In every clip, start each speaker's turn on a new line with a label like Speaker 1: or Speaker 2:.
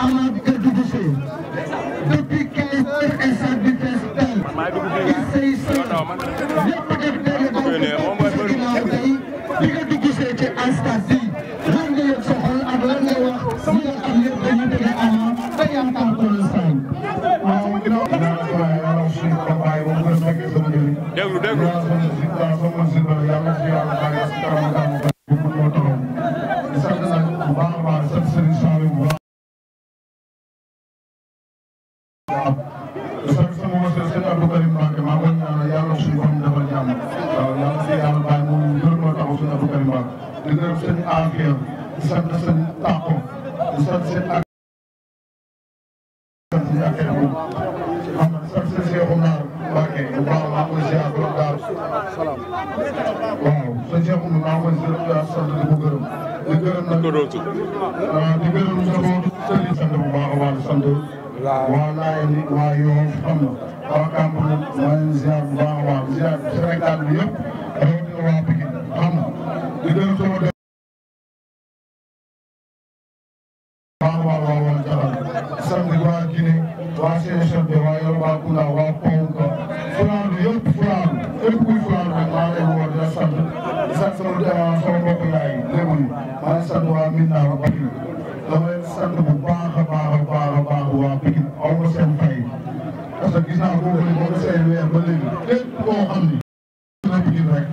Speaker 1: Amar Gadou
Speaker 2: depuis 15 heures et ça du festal. Issa Issa ñëpp def
Speaker 1: benn bopp
Speaker 2: ci ginnaaw tey bi nga dugg see ci instant bii lan nga yëg sa xol ak lan nga wax li nga xam yëpp dañu tege Amar ba yaa ngi am pour l'instant. waaw. déglu déglu. di sant seen taxaw di sant seen ak. di sant seen ak di sant seen seexu naar Mbàkke bu baax maa ngi koy ziar borom daaru waaw sa seexu maa ngi koy ziar sant di ko gërëm di gërëm nag di gërëm njabootu sëriñ sant bu baax a baax di sant waa Laayeen yi waa Yoof xam na waa Kàmbour maa ngi ziar bu baax a baax di ziar Sénégal bi yëpp rawatina waa Pikine xam na di gërëm sama
Speaker 1: baax waa Waawan Jaral
Speaker 2: samedi waa Guinée waa CHMP waa Yolbakunda waa Ponka Fuladu yëpp Fuladu yëpp kuy Fuladu rek maa ngi woo di la sant di sant sama sama mbokk yaay léegi nii maa ngi sant waa Minna waa Pikine dama leen sant bu baax a baax a baax a baax waa Pikine aw ma seen fay parce que gis naa boobu ba ma seen weer ba léegi lépp koo xam ni na Pikine rek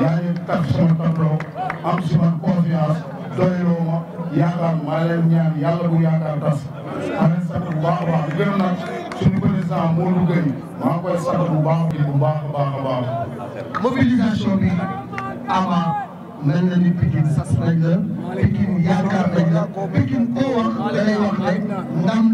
Speaker 2: yaa ngi tax sama tableau am si man confiance doyloo ma yaakaar maa leen ñaan yàlla bu yaakaar tas maa leen sant bu baax a baax di gërëm nag suñu président Modou maa koy sant bu baax di bu baax a baax a baax mobilisation bi ama nañ la ni Pikine sas nañ la Pikine yaakaar nañ la Pikine koo wax da lay wax rek ndam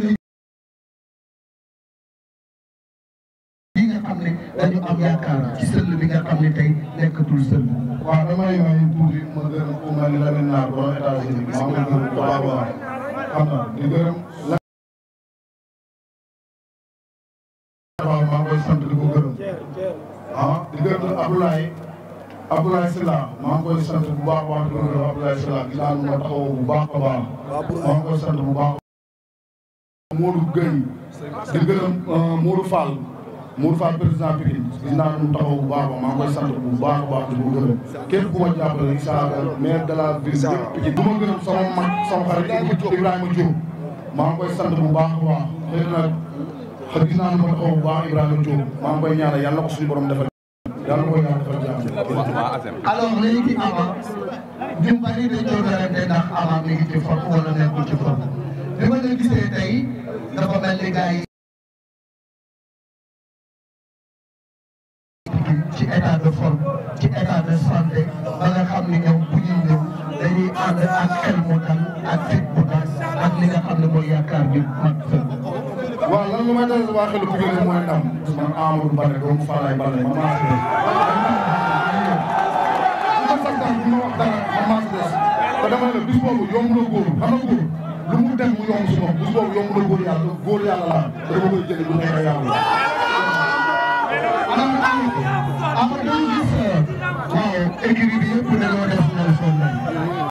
Speaker 1: xam ne dañu am
Speaker 2: yaakaar ci sëll bi nga xam ne tey nekkatul sëll. waaw damay may tuuti ma gërëm ku mel ni Lamine Naar borom États-Unis maa gërëm bu baax a baax xam naa di gërëm.
Speaker 1: waaw maa ngi koy sant di ko ah, sant bu baax a baax
Speaker 2: di ko gërëm Abdoulaye Sylla gis naa ma taxawoo bu baax a baax maa ngi koy sant bu baax. Modou Gueye di gërëm euh, Modou Fall. Mour Fall président Pikine gis naa mu taxaw bu baax ba maa ngi koy sant bu baax a baax di ko gërëm képp ku ma jàppale Issa maire de la ville de Pikine du ma gërëm sama mag sama xarit Ibrahima Diop maa ngi koy sant bu baax a baax xëy na nag gis naa mu taxaw bu baax Ibrahima Diop maa ngi koy ñaanal yàlla ko suñu borom defal yàlla ko yàlla defal jàmm alors léegi Ama ñu bari dañ doon rek ndax Ama mi ngi ci tey dafa mel ni ànd ak xel mu dal ak fit bu dal ak li nga xam ne mooy yaakaar bi mag fekk. waaw lan lu may dal waa xelu Pikine mooy ndam man Amadou Baldé doomu Falaye Baldé ma maa si des. ma sax bu ma wax dara ma maa si des te dama ne la bis boobu yomb na góor xam nga góor lu mu dem mu yomb si moom bis boobu yomb na góor yàlla góor yàlla laa te dama koy jëlee bu nekk yàlla la. waaw équipe bi yëpp dañoo def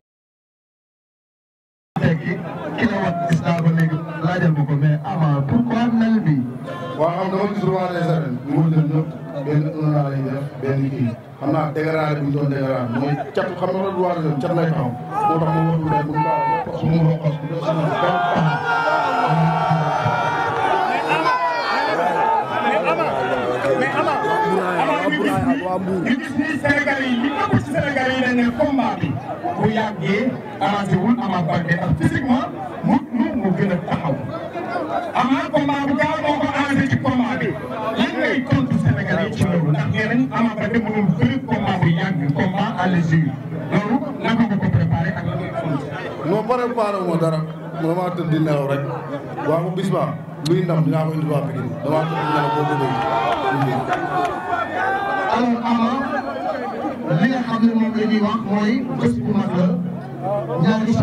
Speaker 2: def di ko mais avant pourquoi mel bi waaw xam dama gis roi des arènes ñu ma jël ñëpp benn un an lay def benn kii xam naa dégradé bu ñu doon dégradé mooy cat xam nga loolu roi des arènes cat lay taxaw moo tax ma waxu day bu ñu baax su ma wax su ma ñu gis ni Sénégal yi li ëpp ci Sénégal yi dañ ne combat bi bu yàggee arrangé wul Ama Baldé ak physiquement loolu naka nga ko préparé ak dara damaa tëdd nelaw rek waaw bu bis ba luy ndam indi waa Pikine damaa tëdd nelaw boo ko bëgg. alors Ama li nga xam ne moom la ñaari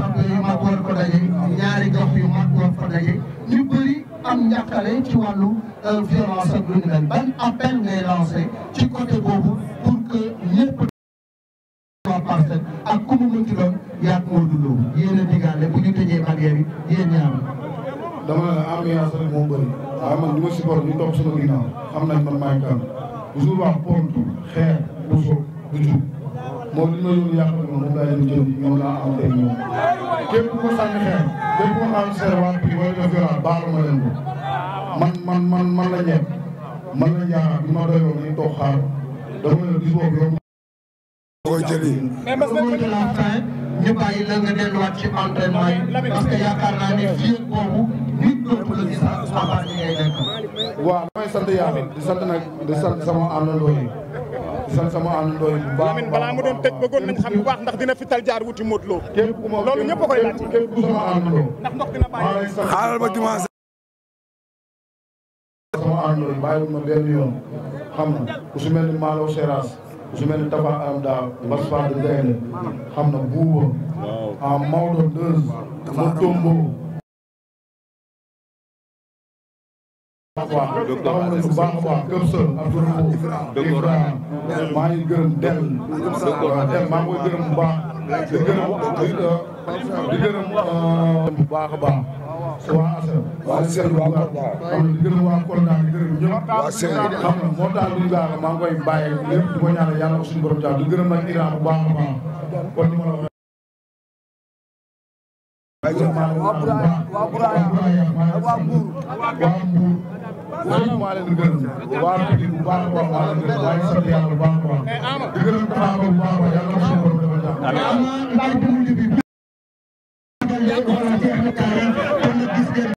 Speaker 2: champion yu am njàqale ci wàllu euh, violence ak lu ni mel ban appel ngay lancé ci côté boobu. yéen a digaale bu ñu tëjee barrière yi yéen ñaar dama ne ambiance rek moo bëri waaye man ñu ma support ñu topp sama ginnaaw xam nañ man maay kan toujours wax pontu xeer bu so bu jub moom li ma yóbbu yàq na moom laa leen jël ñoom laa am sànni xeer képp ku am serwaat bi wala def yoraat baalu ma leen ko man man man man la man la ñaar bi ma doyoon ñu toog xaar dama ne bis boobu yow koy jëli ñu bàyyi la nga delluwaat ci entraînement yi parce que yaakaar naa ne fii boobu nit dootu la gis ak papa yi ngay nekk waaw damay sant yàlla di sant nag di sant sama àndandoo yi di sant sama àndandoo yi bu baax Lamine balaa mu doon tëj bëggoon nañ xam bu baax ndax dina fital jaar wuti Modou Lo loolu ñëpp a koy laaj ndax dina bàyyi xaaral ba dimanche sama àndandoo yi bàyyiwul ma mel ni Malo su mel ni Tafa Aram Da Baspa de Gaynde xam na Buuba ah Maodo Deuz ma Tombo waaw xam nañ bu baax a baax Kër Sër Abdourahmane Ibrahima maa ngi gërëm Del maa ngi koy gërëm bu baax di gërëm di gërëm bu baax a baax waa Assane waa Sène waa Kolda xam di gërëm waa Kolda di gërëm ñëpp waa Sène xam na moo tax duñ gaara maa ngi koy bàyyi lépp di ko ñaanal yàlla ko suñu borom jàmm di gërëm nag Iran bu baax a baax kon ni ma la waxee waa Bour waa Bour waa Mbour waaw maa leen di gërëm waa Mbour bu baax a baax maa leen di gërëm waaye sant yàlla bu baax a baax di gërëm bu baax a baax yàlla na ko suñu borom defal jàmm